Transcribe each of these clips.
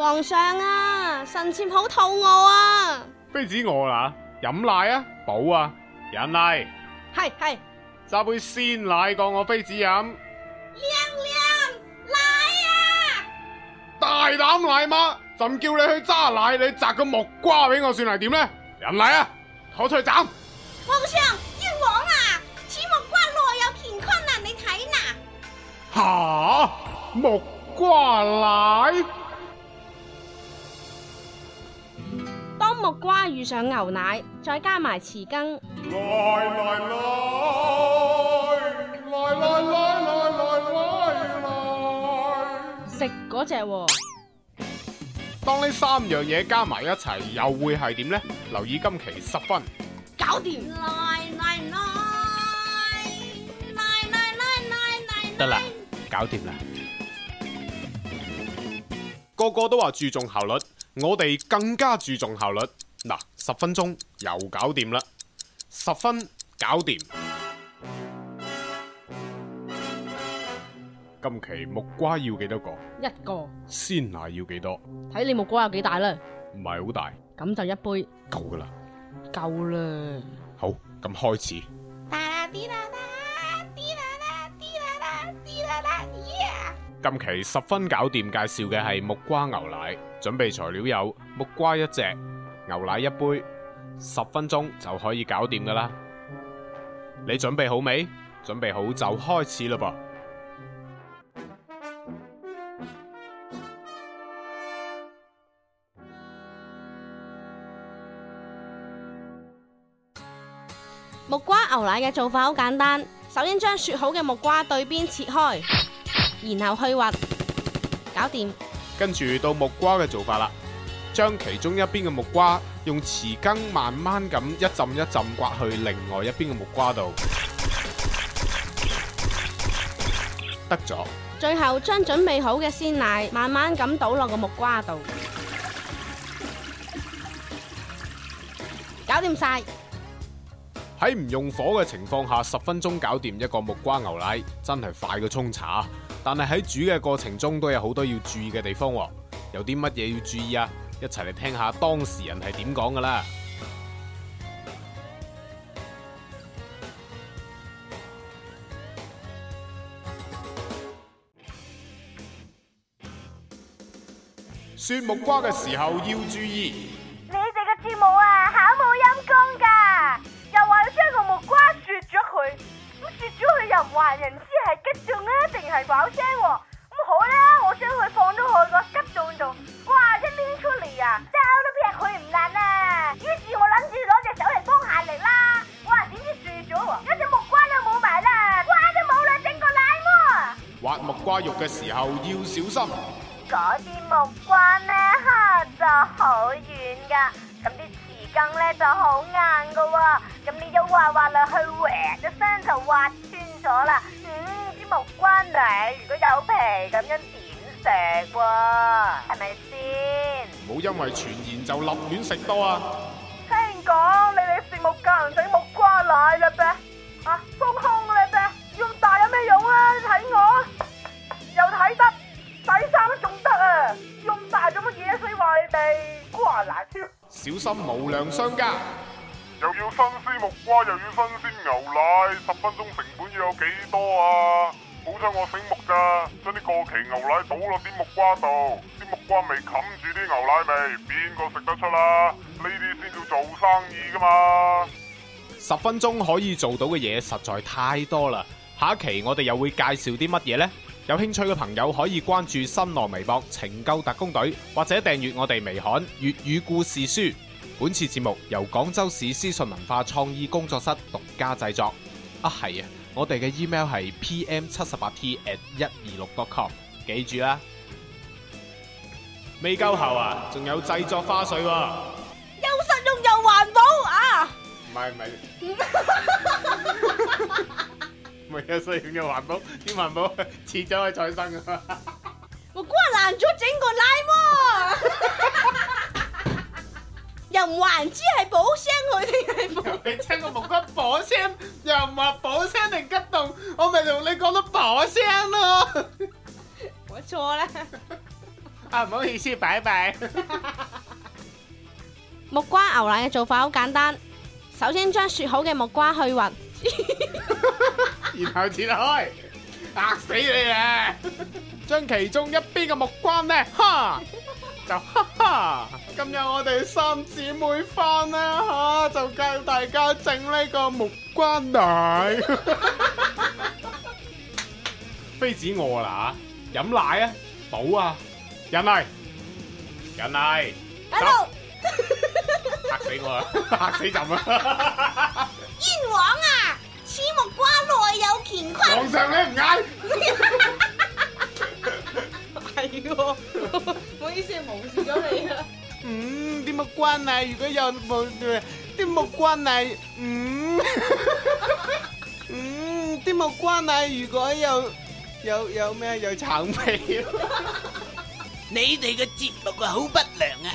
皇上啊，臣妾好肚餓啊！妃子餓啦，啊，飲奶啊，補啊，人奶。係係，揸杯鮮奶過我妃子飲。娘娘，奶啊！大膽奶媽，朕叫你去揸奶，你摘個木瓜俾我算呢，算係點咧？人奶啊，攞出去斬。皇上冤枉啊，此木瓜內有乾坤，啊，你睇嗱。吓，木瓜奶。木瓜遇上牛奶，再加埋匙羹，食嗰隻。當呢三樣嘢加埋一齊，又會係點呢？留意今期十分，搞掂。得啦，搞掂啦。個個都話注重效率。我哋更加注重效率，嗱、啊，十分鐘又搞掂啦，十分搞掂。今期木瓜要幾多個？一個。鮮奶要幾多？睇你木瓜有幾大啦。唔係好大。咁就一杯。夠噶啦。夠啦。好，咁開始。大啲啦近期十分搞掂，介紹嘅係木瓜牛奶。準備材料有木瓜一隻、牛奶一杯，十分鐘就可以搞掂噶啦。你準備好未？準備好就開始啦噃。木瓜牛奶嘅做法好簡單，首先將雪好嘅木瓜對邊切開。然後去核，搞掂。跟住到木瓜嘅做法啦，將其中一邊嘅木瓜用匙羹慢慢咁一浸一浸刮去另外一邊嘅木瓜度，得咗。最後將準備好嘅鮮奶慢慢咁倒落個木瓜度，搞掂晒。喺唔用火嘅情況下，十分鐘搞掂一個木瓜牛奶，真係快過沖茶。但係喺煮嘅過程中都有好多要注意嘅地方，有啲乜嘢要注意啊？一齊嚟聽下當事人係點講噶啦！削木瓜嘅時候要注意。你哋嘅節目啊，好冇陰功噶。人話人知係急中啊定係爆聲喎，咁好啦，我先去放咗佢個急中度，哇一拎出嚟啊，刀都劈佢唔爛啊！於是我諗住攞隻手嚟幫下力啦，哇點知斷咗，一隻木瓜都冇埋啦，瓜都冇啦，整個爛喎！挖木瓜肉嘅時候要小心，嗰啲木瓜咧吓就好軟噶，咁啲匙羹咧就好硬噶，咁你一挖挖落去搲咗聲就挖。咗啦，嗯，啲木瓜嚟，如果有皮，咁樣點食喎？係咪先？唔好因為傳言就立亂食多啊！聽講你哋羨慕教人整木瓜奶嘅，咩？啊，豐胸嘅，咩？用大有咩用啊？你睇我，又睇得，洗衫都仲得啊！用大做乜嘢？所以話你哋瓜爛，小心無良商家，又要分。木瓜又要新鮮牛奶，十分鐘成本要有幾多啊？好彩我醒目咋，將啲過期牛奶倒落啲木瓜度，啲木瓜味冚住啲牛奶味，邊個食得出啦？呢啲先叫做生意㗎嘛！十分鐘可以做到嘅嘢實在太多啦！下一期我哋又會介紹啲乜嘢呢？有興趣嘅朋友可以關注新浪微博“拯救特工隊”，或者訂閱我哋微刊《粵語故事書》。本次節目由廣州市思信文化創意工作室獨家製作。啊，係啊，我哋嘅 email 係 pm 七十八 t at 一二六 dot com，記住啦。未夠喉啊，仲有製作花絮喎。又實用又環保啊！唔係唔係。唔哈哈哈哈哈係又實用又環保，啲環保遲早可以再生啊！ 我瓜爛咗整個奶喎。 又唔還知係保鮮佢定係保鮮個木瓜保鮮，又唔話保鮮定急凍，我咪同你講到保鮮咯。冇錯咧，啊唔好意思，拜拜。木瓜牛奶嘅做法好簡單，首先將雪好嘅木瓜去核，然後切開，嚇死你啊！將其中一邊嘅木瓜呢，哈就哈哈。今日我哋三姊妹翻啦嚇，就教大家整呢個木瓜奶。妃子餓啦嚇，飲奶啊，補啊，忍耐，忍耐，等吓。死我啊！死朕啊！冤枉啊！此木瓜內有乾坤。皇上你唔嗌。係喎，唔好意思，無視咗你啊。木瓜奶如果有冇對，啲木瓜奶，嗯，嗯，啲木瓜奶如果有有有咩有橙皮，你哋嘅節目啊好不良啊，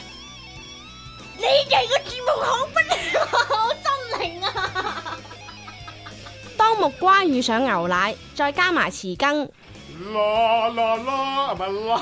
你哋嘅節目好不良啊，真靈啊！當木瓜遇上牛奶，再加埋匙羹，啦啦啦係咪啦。